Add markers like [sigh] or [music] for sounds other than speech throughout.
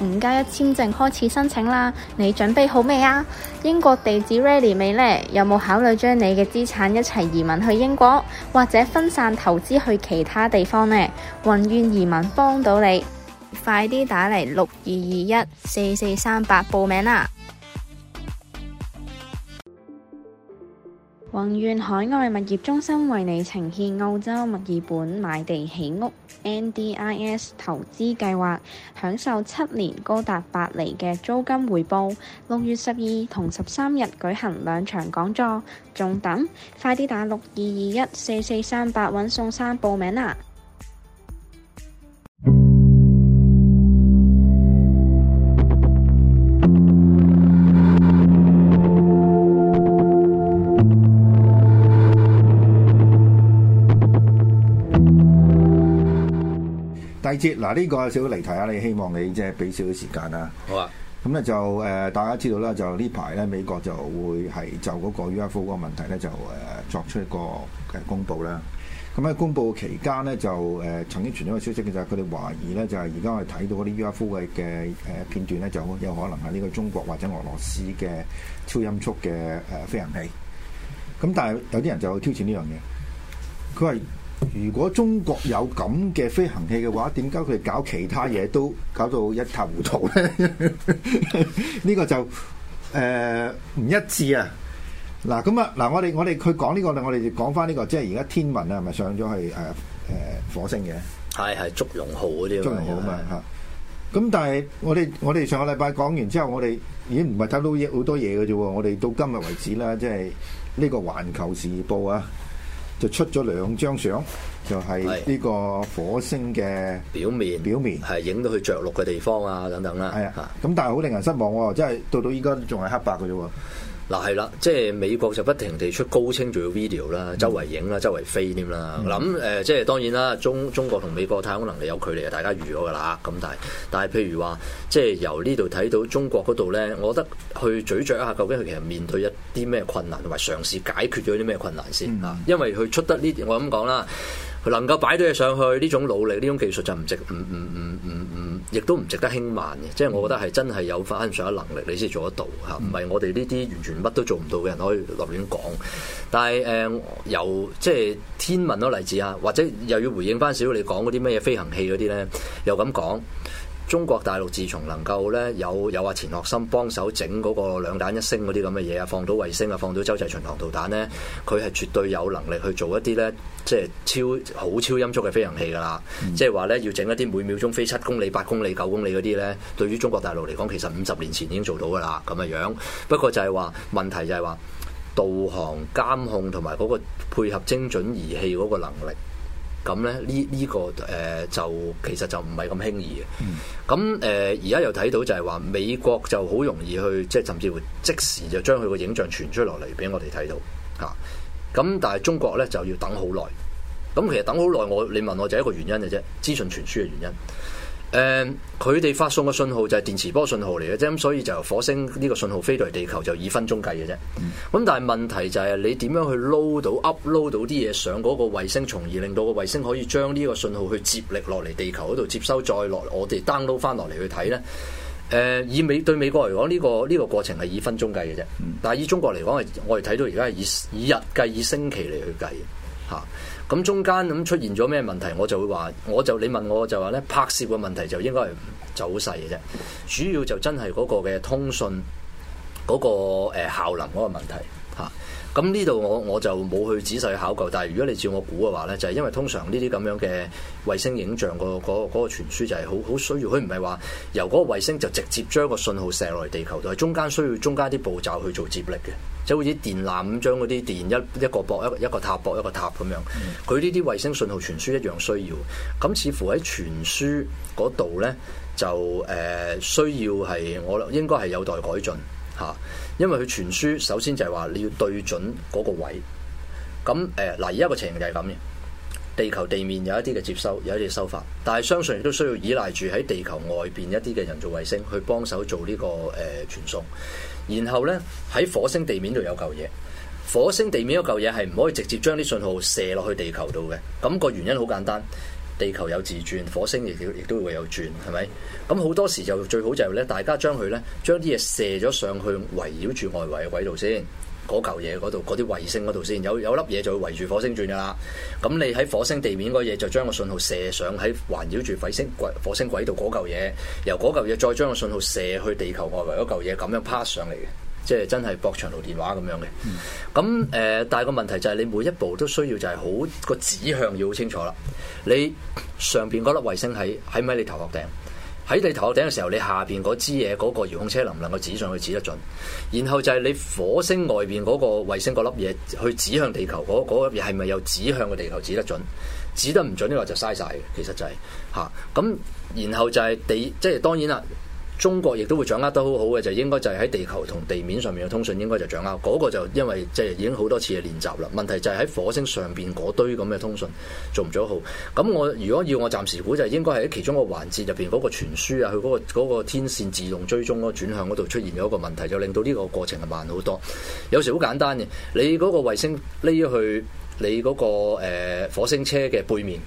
五加一簽證開始申請啦，你準備好未啊？英國地址 ready 未呢？有冇考慮將你嘅資產一齊移民去英國，或者分散投資去其他地方呢？宏願移民幫到你，快啲打嚟六二二一四四三八報名啦！宏願海外物業中心為你呈現澳洲墨爾本買地起屋。NDIS 投資計劃，享受七年高達八厘嘅租金回報。六月十二同十三日舉行兩場講座，仲等，快啲打六二二一四四三八揾宋生報名啦！嗱，呢、啊呢個少少離題啊！你希望你即係俾少少時間啦。好啊。咁咧、嗯、就誒、呃，大家知道啦，就呢排咧美國就會係就嗰個 UFO 嗰個問題咧就誒、呃、作出一個嘅公佈啦。咁、啊、喺公佈期間呢，就誒、呃、曾經傳咗個消息嘅就係佢哋懷疑咧就係而家我哋睇到嗰啲 UFO 嘅嘅誒片段咧就有可能係呢個中國或者俄羅斯嘅超音速嘅誒、呃、飛行器。咁、嗯、但係有啲人就挑戰呢樣嘢，佢話。如果中國有咁嘅飛行器嘅話，點解佢哋搞其他嘢都搞到一塌糊塗咧？呢 [laughs] 個就誒唔、呃、一致啊！嗱，咁啊，嗱、啊，我哋我哋佢講呢個，我哋講翻呢個，即係而家天文啊，係咪上咗去誒誒火星嘅，係係祝融號嗰啲，祝融號啊嘛吓。咁是但係我哋我哋上個禮拜講完之後，我哋已經唔係睇到好多嘢嘅啫喎。我哋到今日為止啦，即係呢個環球時報啊，就出咗兩張相，就係呢個火星嘅表面，表面係影到佢着陸嘅地方啊，等等啦。係啊，咁但係好令人失望喎，即係到到依家都仲係黑白嘅啫喎。嗱係、啊、啦，即係美國就不停地出高清仲要 video 啦，嗯、周圍影啦，周圍飛添啦。我諗、咁誒、嗯呃，即係當然啦，中中國同美國太空能力有距離嘅，大家預咗㗎啦。咁但係，但係譬如話，即係由呢度睇到中國嗰度咧，我覺得去咀嚼一下究竟佢其實面對一啲咩困難，同埋嘗試解決咗啲咩困難先啊。嗯、因為佢出得呢啲，我咁講啦。佢能夠擺到嘢上去，呢種努力、呢種技術就唔值得、唔唔唔唔唔，亦、嗯嗯嗯嗯、都唔值得輕慢嘅。嗯、即係我覺得係真係有翻上嘅能力，你先做得到嚇，唔係我哋呢啲完全乜都做唔到嘅人可以立亂講。但係誒、呃，由即係天文嗰例子啊，或者又要回應翻少少你講嗰啲咩嘢飛行器嗰啲咧，又咁講。中國大陸自從能夠咧，有有話錢學森幫手整嗰個兩彈一星嗰啲咁嘅嘢啊，放到衛星啊，放到洲際巡航導彈咧，佢係絕對有能力去做一啲咧，即係超好超音速嘅飛行器噶啦。即係話咧，要整一啲每秒鐘飛七公里、八公里、九公里嗰啲咧，對於中國大陸嚟講，其實五十年前已經做到噶啦咁嘅樣。不過就係話問題就係話導航監控同埋嗰個配合精準儀器嗰個能力。咁咧，呢呢、呢個誒、呃、就其實就唔係咁輕易嘅。咁誒而家又睇到就係話美國就好容易去，即係甚至會即時就將佢個影像傳出落嚟俾我哋睇到嚇。咁、啊、但係中國咧就要等好耐。咁其實等好耐，我你問我就係一個原因嘅啫，資訊傳輸嘅原因。誒，佢哋發送嘅信號就係電磁波信號嚟嘅啫，咁所以就火星呢個信號飛到嚟地球就以分鐘計嘅啫。咁但係問題就係你點樣去 load 到 upload 到啲嘢上嗰個衛星，從而令到個衛星可以將呢個信號去接力落嚟地球嗰度接收，再落我哋 download 翻落嚟去睇咧。誒，以美對美國嚟講呢個呢個過程係以分鐘計嘅啫，但係以中國嚟講係我哋睇到而家係以以日計以星期嚟去計吓。咁中間咁出現咗咩問題，我就會話，我就你問我就話咧，拍攝嘅問題就應該係就好細嘅啫，主要就真係嗰個嘅通訊嗰個、嗰個、呃、效能嗰個問題。咁呢度我我就冇去仔細考究，但係如果你照我估嘅話呢就係、是、因為通常呢啲咁樣嘅衛星影像個嗰嗰個傳輸就係好好需要，佢唔係話由嗰個衛星就直接將個信號射落嚟地球，但係中間需要中間啲步驟去做接力嘅，即係好似電纜咁，將嗰啲電一一個駁一個一個塔駁一個塔咁樣，佢呢啲衛星信號傳輸一樣需要。咁似乎喺傳輸嗰度呢，就誒、呃、需要係我應該係有待改進。嚇，因為佢傳輸首先就係話你要對準嗰個位，咁誒嗱，而家個情形就係咁嘅。地球地面有一啲嘅接收，有一啲收發，但係相信亦都需要依賴住喺地球外邊一啲嘅人造衛星去幫手做呢、這個誒傳、呃、送。然後呢，喺火星地面度有嚿嘢，火星地面嗰嚿嘢係唔可以直接將啲信號射落去地球度嘅，咁、那個原因好簡單。地球有自轉，火星亦亦都會有轉，係咪？咁好多時就最好就係咧，大家將佢咧，將啲嘢射咗上去，圍繞住外圍嘅軌道先，嗰嚿嘢嗰度，嗰啲衛星嗰度先，有有粒嘢就會圍住火星轉㗎喇。咁你喺火星地面嗰嘢就將個信號射上，喺環繞住火星軌火星軌道嗰嚿嘢，由嗰嚿嘢再將個信號射去地球外圍嗰嚿嘢，咁樣 pass 上嚟嘅。即係真係駁長途電話咁樣嘅，咁誒、嗯嗯，但係個問題就係你每一步都需要就係好、嗰個指向要好清楚啦。你上邊嗰粒衛星喺喺唔喺你頭殼頂？喺你頭殼頂嘅時候，你下邊嗰支嘢嗰個遙控車能唔能夠指上去指得準？然後就係你火星外邊嗰個衛星嗰粒嘢去指向地球嗰粒嘢係咪又指向個地球指得準？指得唔準呢個就嘥晒嘅。其實就係嚇咁，然後就係地即係當然啦。中國亦都會掌握得好好嘅，就係、應該就係喺地球同地面上面嘅通訊，應該就掌握嗰、嗰個就因為即係已經好多次嘅練習啦。問題就係喺火星上邊嗰堆咁嘅通訊做唔做好。咁我如果要我暫時估就係應該係喺其中一個環節入邊嗰個傳輸啊，佢嗰、嗰個嗰個天線自動追蹤嗰個轉向嗰度出現咗一個問題，就令到呢個過程係慢好多。有時好簡單嘅，你嗰個衛星匿去你嗰、嗰個、呃、火星車嘅背面。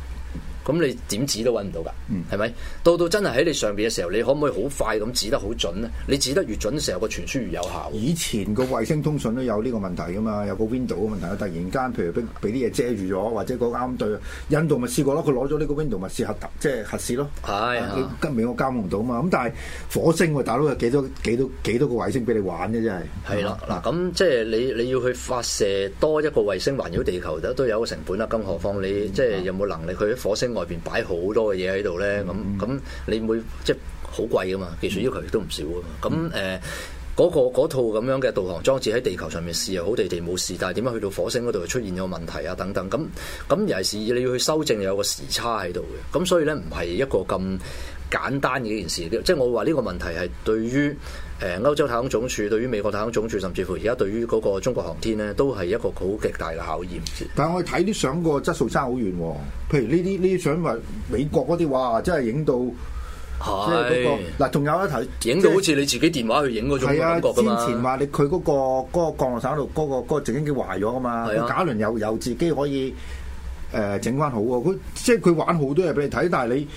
咁你點指都揾唔到噶，係咪、嗯？到到真係喺你上邊嘅時候，你可唔可以好快咁指得好準咧？你指得越準嘅時候，個傳輸越有效。以前個衛星通訊都有呢個問題噶嘛，有個 window 嘅問題，突然間譬如俾俾啲嘢遮住咗，或者講啱對，印度咪試過咯？佢攞咗呢個 window 咪試核即係核試咯。係、哎呀，跟未我監控唔到啊嘛。咁但係火星、啊、大佬有幾多幾多幾多個衛星俾你玩嘅真係？係啦，嗱咁即係你你要去發射多一個衛星環繞地球，都有個成本啦。更何況你即係有冇能力去火星？外邊擺好多嘅嘢喺度咧，咁咁、嗯、你會即係好貴噶嘛，技術要求亦都唔少啊嘛。咁誒嗰個套咁樣嘅導航裝置喺地球上面試又好，地地冇事，但係點解去到火星嗰度出現咗問題啊？等等，咁咁尤其是你要去修正，有個時差喺度嘅，咁所以咧唔係一個咁簡單嘅一件事。即係我話呢個問題係對於，誒歐洲太空總署對於美國太空總署，甚至乎而家對於嗰個中國航天呢，都係一個好極大嘅考驗。但係我哋睇啲相個質素差好遠喎，哦，譬如呢啲呢相話美國嗰啲，哇，真係影到，即係嗰個嗱，仲有一題影到好似你自己電話去影嗰種感覺，啊，之前話你佢嗰、嗰個降落傘度嗰個直升、嗰個嗰個、機壞咗啊嘛，假人又又自己可以誒、呃、整翻好喎，即係佢玩好多嘢俾你睇，但係你。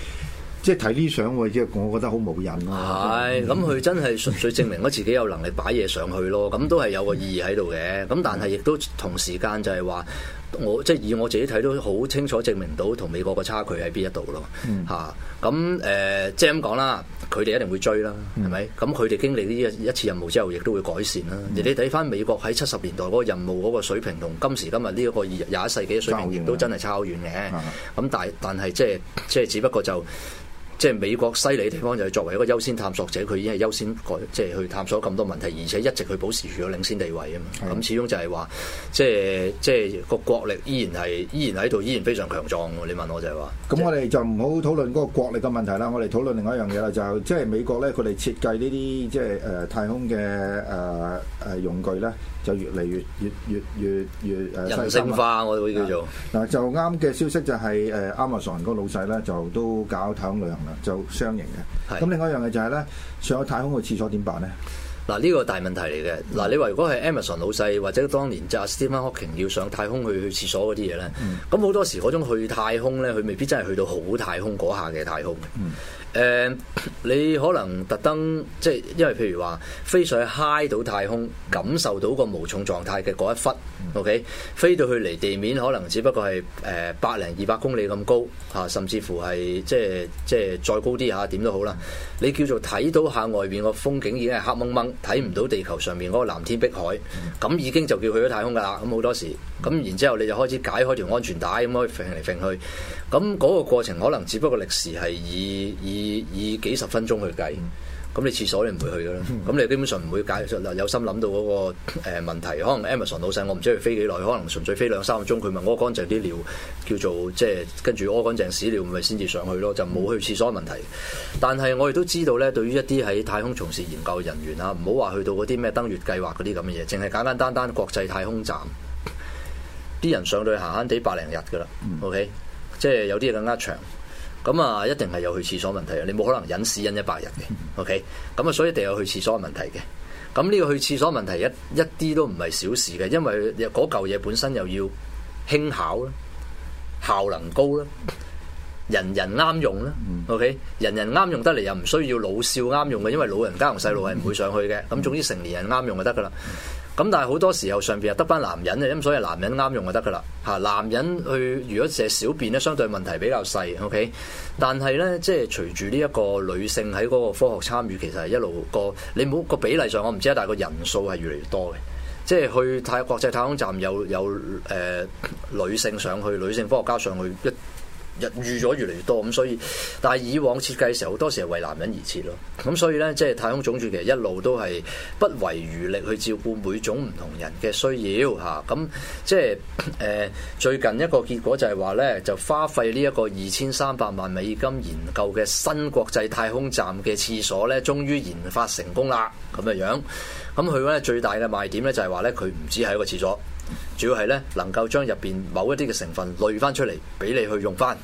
即係睇啲相喎，即係我覺得好冇癮咯。係，咁、嗯、佢、嗯、真係純粹證明咗自己有能力擺嘢上去咯。咁都係有個意義喺度嘅。咁但係亦都同時間就係話，我即係、就是、以我自己睇都好清楚證明到同美國個差距喺邊一度咯。嚇、嗯，咁誒、啊嗯，即係咁講啦，佢哋一定會追啦，係咪？咁佢哋經歷呢一一次任務之後，亦都會改善啦。而你睇翻美國喺七十年代嗰個任務嗰個水平同今時今日呢一個廿一世紀嘅水平亦都真係差好遠嘅。咁、啊啊啊啊、但但係即係即係，只不過就。即係美國犀利嘅地方就係作為一個優先探索者，佢已經係優先改，即係去探索咁多問題，而且一直去保持住咗領先地位啊嘛。咁的始終就係話，即係即係個國力依然係依然喺度，依然非常強壯。你問我就係話，咁我哋就唔好討論嗰個國力嘅問題啦。我哋討論另外一樣嘢啦，就係即係美國咧，佢哋設計呢啲即係誒、呃、太空嘅誒誒用具咧。就越嚟越越越越越，越人性化，啊、我哋會叫做嗱、啊，就啱嘅消息就係、是、誒、啊、Amazon 個老細咧，就都搞太空旅行啦，就雙贏嘅。咁、嗯啊、另外一樣嘅就係咧，上咗太空去廁所點辦咧？嗱、啊，呢、呢個大問題嚟嘅。嗱、啊，你話如果係 Amazon 老細或者當年就 Stephen Hawking 要上太空去去廁所嗰啲嘢咧，咁好、嗯、多時嗰種去太空咧，佢未必真係去到好太空嗰下嘅太空嘅。嗯誒、呃，你可能特登即係，因為譬如話飛上去嗨到太空，感受到個無重狀態嘅嗰一忽，OK？、嗯、飛到去離地面可能只不過係誒百零二百公里咁高吓、啊，甚至乎係即係即係再高啲吓，點都好啦。嗯、你叫做睇到下外邊個風景已經係黑掹掹，睇唔到地球上面嗰個藍天碧海，咁、嗯嗯、已經就叫去咗太空㗎啦。咁好多時，咁然之後你就開始解開條安全帶，咁可以揈嚟揈去。咁嗰個過程可能只不過歷時係以以以幾十分鐘去計，咁你廁所你唔會去嘅啦，咁你基本上唔會解有心諗到嗰個誒問題。可能 Amazon 老細我唔知佢飛幾耐，可能純粹飛兩三個鐘，佢問屙乾淨啲尿叫做即係跟住屙乾淨屎尿咪先至上去咯，就冇去廁所問題。但係我亦都知道咧，對於一啲喺太空從事研究嘅人員啊，唔好話去到嗰啲咩登月計劃嗰啲咁嘅嘢，淨係簡簡單單，單，單國際太空站，啲人上到去閒閒地百零日噶啦，OK。即係有啲嘢更加長，咁啊一定係有去廁所問題嘅，你冇可能忍屎忍一百日嘅，OK？咁啊，所以一定有去廁所嘅問題嘅。咁呢個去廁所問題一一啲都唔係小事嘅，因為嗰嚿嘢本身又要輕巧啦，效能高啦，人人啱用啦，OK？人人啱用得嚟又唔需要老少啱用嘅，因為老人家同細路係唔會上去嘅，咁總之成年人啱用就得噶啦。咁但係好多時候上邊又得翻男人啊，咁所以男人啱用就得噶啦嚇。男人去如果射小便咧，相對問題比較細，OK 但。但係咧即係隨住呢一個女性喺嗰個科學參與，其實係一路個你冇、個比例上我唔知啊，但係個人數係越嚟越多嘅。即係去太國際太空站有有誒、呃、女性上去，女性科學家上去一。預咗越嚟越多咁，所以但係以往設計嘅時候，好多時係為男人而設咯。咁所以呢，即係太空總署其實一路都係不遺餘力去照顧每種唔同人嘅需要嚇。咁、啊嗯、即係誒、呃、最近一個結果就係話呢，就花費呢一個二千三百萬美金研究嘅新國際太空站嘅廁所呢，終於研發成功啦。咁樣樣，咁、嗯、佢呢，最大嘅賣點呢，就係話呢，佢唔止係一個廁所。主要係咧，能夠將入邊某一啲嘅成分濾翻出嚟，俾你去用翻。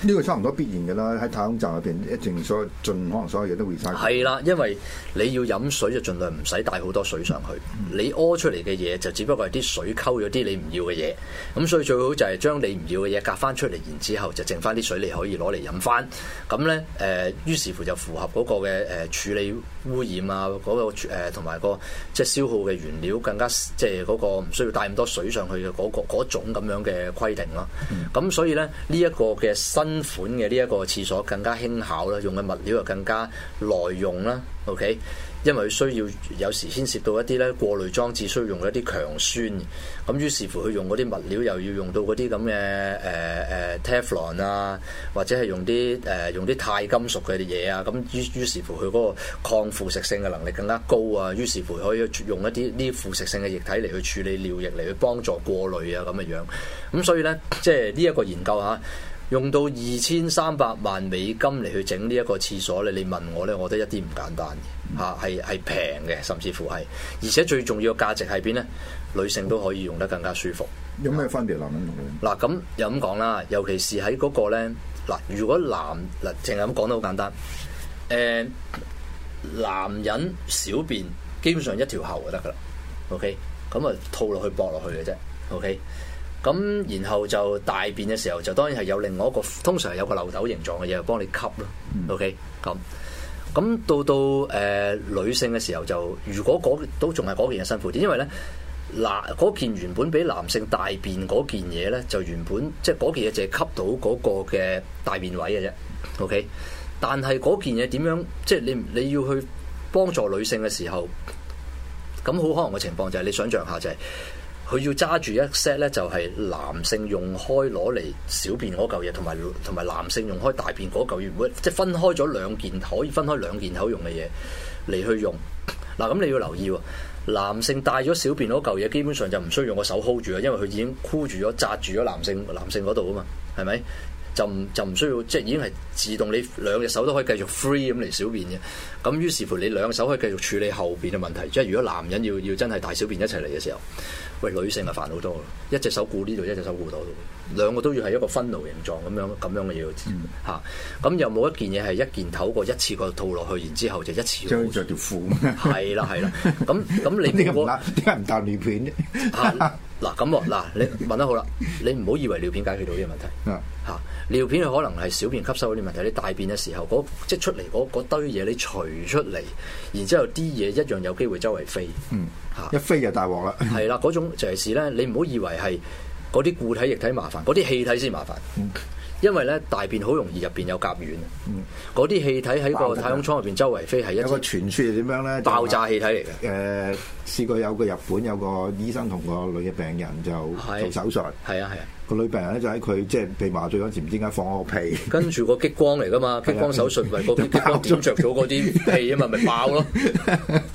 呢個差唔多必然嘅啦，喺太空站入邊，一定所盡可能所有嘢都回收。係啦，因為你要飲水就盡量唔使帶好多水上去。嗯、你屙出嚟嘅嘢就只不過係啲水溝咗啲你唔要嘅嘢。咁所以最好就係將你唔要嘅嘢隔翻出嚟，然之後就剩翻啲水你可以攞嚟飲翻。咁咧誒，於是乎就符合嗰個嘅誒處理污染啊，嗰、嗰個同埋、呃、個即係消耗嘅原料更加即係嗰個唔需要帶咁多水上去嘅嗰、嗰個、嗰個、種咁樣嘅規定咯。咁、嗯嗯、所以咧呢一、呢個嘅新新款嘅呢一個廁所更加輕巧啦，用嘅物料又更加耐用啦。OK，因為佢需要有時牽涉到一啲咧過濾裝置，需要用一啲強酸。咁於是乎，佢用嗰啲物料又要用到嗰啲咁嘅誒誒、呃呃、Teflon 啊，或者係用啲誒、呃、用啲鈦金屬嘅嘢啊。咁於於是乎，佢嗰個抗腐蝕性嘅能力更加高啊。於是乎，可以用一啲呢腐蝕性嘅液體嚟去處理尿液嚟去幫助過濾啊咁嘅樣。咁所以咧，即係呢一個研究啊。用到二千三百萬美金嚟去整呢一個廁所咧，你問我咧，我覺得一啲唔簡單嘅吓，係係平嘅，甚至乎係，而且最重要嘅價值係邊咧？女性都可以用得更加舒服。有咩分別男人用嘅？嗱，咁又咁講啦，尤其是喺嗰、那個咧，嗱、啊、如果男嗱，淨係咁講都好簡單。誒、啊，男人小便基本上一條喉就得噶啦。OK，咁啊，套落去駁落去嘅啫。OK。咁，然後就大便嘅時候，就當然係有另外一個，通常係有個漏斗形狀嘅嘢幫你吸咯。嗯、OK，咁咁到到誒、呃、女性嘅時候就，就如果都仲係嗰件嘢辛苦啲，因為咧嗱，嗰件原本畀男性大便嗰件嘢咧，就原本即係嗰件嘢就係吸到嗰個嘅大便位嘅啫。OK，但係嗰件嘢點樣？即、就、係、是、你你要去幫助女性嘅時候，咁好可能嘅情況就係、是、你想像下就係、是。佢要揸住一 set 咧，就係男性用開攞嚟小便嗰嚿嘢，同埋同埋男性用開大便嗰嚿嘢，會即係分開咗兩件，可以分開兩件口用嘅嘢嚟去用。嗱，咁你要留意，男性戴咗小便嗰嚿嘢，基本上就唔需要用個手 hold 住啦，因為佢已經箍住咗、紮住咗男性男性嗰度啊嘛，係咪？就就唔需要，即係已經係自動，你兩隻手都可以繼續 free 咁嚟小便嘅。咁於是乎，你兩手可以繼續處理後邊嘅問題。即係如果男人要要真係大小便一齊嚟嘅時候，喂，女性啊煩好多，一隻手顧呢度，一隻手顧嗰度，兩個都要係一個 funnel 形狀咁樣咁樣嘅嘢嚇。咁又冇一件嘢係一件頭過一次過套落去，然之後就一次過。著著條褲係啦係啦，咁咁 [laughs] 你唔點解唔戴尿片啫？ [laughs] 嗱咁喎，嗱、啊啊、你問得好啦， [laughs] 你唔好以為尿片解決到呢個問題。嗯 Yeah.、吓，尿片佢可能係小便吸收嗰啲問題，你大便嘅時候即係出嚟嗰堆嘢，你除出嚟，然之後啲嘢一樣有機會周圍飛。嗯、mm. 啊，嚇一飛就大鑊啦。係 [laughs] 啦，嗰種就係事咧，你唔好以為係嗰啲固體液體麻煩，嗰啲氣體先麻煩。Mm. 因為咧，大便好容易入邊有甲烷，嗰啲、嗯、氣體喺個太空艙入邊周圍飛，係一個傳說係點樣咧爆炸氣體嚟嘅。誒、呃、試過有個日本有個醫生同個女嘅病人就做手術，係啊係啊。個女病人咧就喺佢即係被麻醉嗰陣時，唔知點解放個屁。跟住個激光嚟噶嘛，激光手術咪，嗰 [laughs] 激光針著到嗰啲屁啊嘛，咪 [laughs] 爆咯！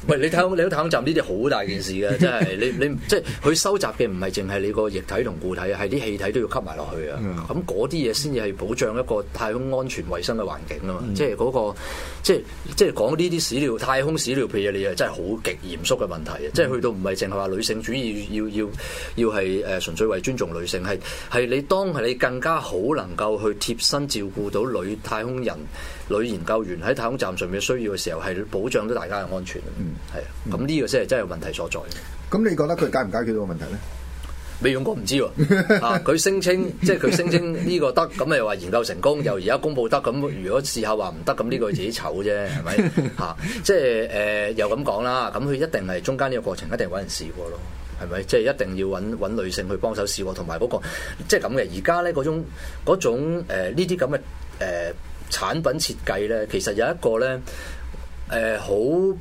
喂， [laughs] 你睇空，你睇空站呢啲好大件事嘅，真係即係你你即係佢收集嘅唔係淨係你個液體同固體啊，係啲氣體都要吸埋落去啊。咁嗰啲嘢先至係保障一個太空安全衞生嘅環境啊嘛，嗯、即係嗰、嗰個即係即係講呢啲屎尿太空屎尿嘅嘢，你真係好極嚴肅嘅問題啊！嗯、即係去到唔係淨係話女性主義要要要係誒純粹為尊重女性係。係你當係你更加好，能夠去貼身照顧到女太空人、女研究員喺太空站上面需要嘅時候，係保障到大家嘅安全。係啊、嗯。咁、嗯、呢個先係真係問題所在。咁、嗯、你覺得佢解唔解決到個問題咧？未用過唔知喎。啊，佢聲稱即係佢聲稱呢個得，咁又話研究成功，又而家公布得。咁如果試下話唔得，咁呢個自己醜啫，係咪？吓、啊，即係誒、呃，又咁講啦。咁佢一定係中間呢個過程，一定有人試過咯。係咪？即係、就是、一定要揾揾女性去幫手試喎，同埋嗰個即係咁嘅。而家咧嗰種嗰種呢啲咁嘅誒產品設計咧，其實有一個咧。誒好、呃、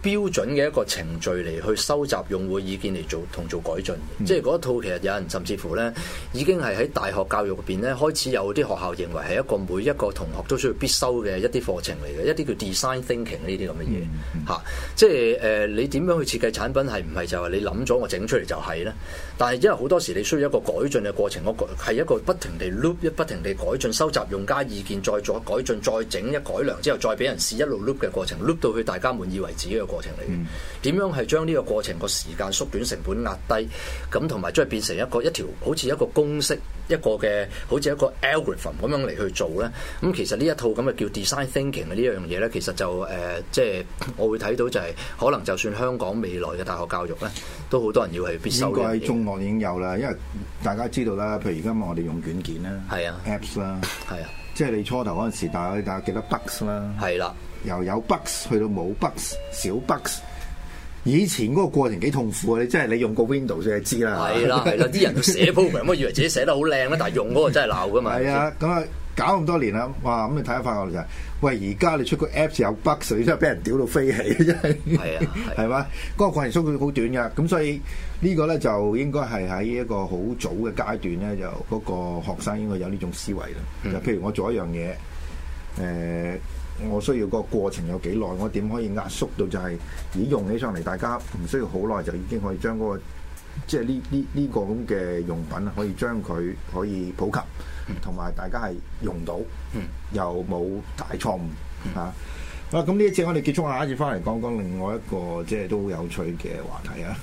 標準嘅一個程序嚟去收集用戶意見嚟做同做改進，嗯、即係嗰套其實有人甚至乎咧已經係喺大學教育入邊咧開始有啲學校認為係一個每一個同學都需要必修嘅一啲課程嚟嘅，一啲叫 design thinking 呢啲咁嘅嘢嚇，即係誒、呃、你點樣去設計產品係唔係就係你諗咗我整出嚟就係咧？但係因為好多時你需要一個改進嘅過程，嗰個係一個不停地 loop，不停地改進、收集用家意見、再做改進、再整一改良之後、再俾人試一路 loop 嘅過程，loop 到去。大家滿意為自己嘅過程嚟嘅，點、嗯、樣係將呢個過程個時間縮短、成本壓低，咁同埋即係變成一個一條好似一個公式、一個嘅好似一個 algorithm 咁樣嚟去做咧。咁其實呢一套咁嘅叫 design thinking 嘅呢樣嘢咧，其實就誒、呃，即係我會睇到就係、是、可能就算香港未來嘅大學教育咧，都好多人要去必修。應該中學已經有啦，因為大家知道啦，譬如而家我哋用軟件啦，係啊，Apps 啦，係啊，即係你初頭嗰陣時，大概大概幾多 bucks 啦，係啦。由有 bugs，去到冇 bugs，小 bugs。以前嗰個過程幾痛苦啊！你真係你用個 Windows 就知啦。係啦、啊，有啲、啊、 [laughs] 人寫 program，我以為自己寫得好靚咧？但係用嗰個真係鬧噶嘛。係啊，咁啊搞咁多年啦，哇！咁你睇下翻我哋就喂！而家你出個 apps 有 bugs，你真係俾人屌到飛起，真係。係啊，係嘛、啊？嗰吧、啊、個過程縮得好短噶，咁所以個呢個咧就應該係喺一個好早嘅階段咧，就嗰個學生應該有呢種思維啦。嗯、就譬如我做一樣嘢，誒、呃。我需要個過程有幾耐？我點可以壓縮到就係已經，咦？用起上嚟大家唔需要好耐就已經可以將嗰個，即係呢呢呢個咁嘅用品可以將佢可以普及，同埋大家係用到，嗯、又冇大錯誤嚇。嗯、啊！咁呢一次，我哋結束，下一次翻嚟講講另外一個即係都好有趣嘅話題啊！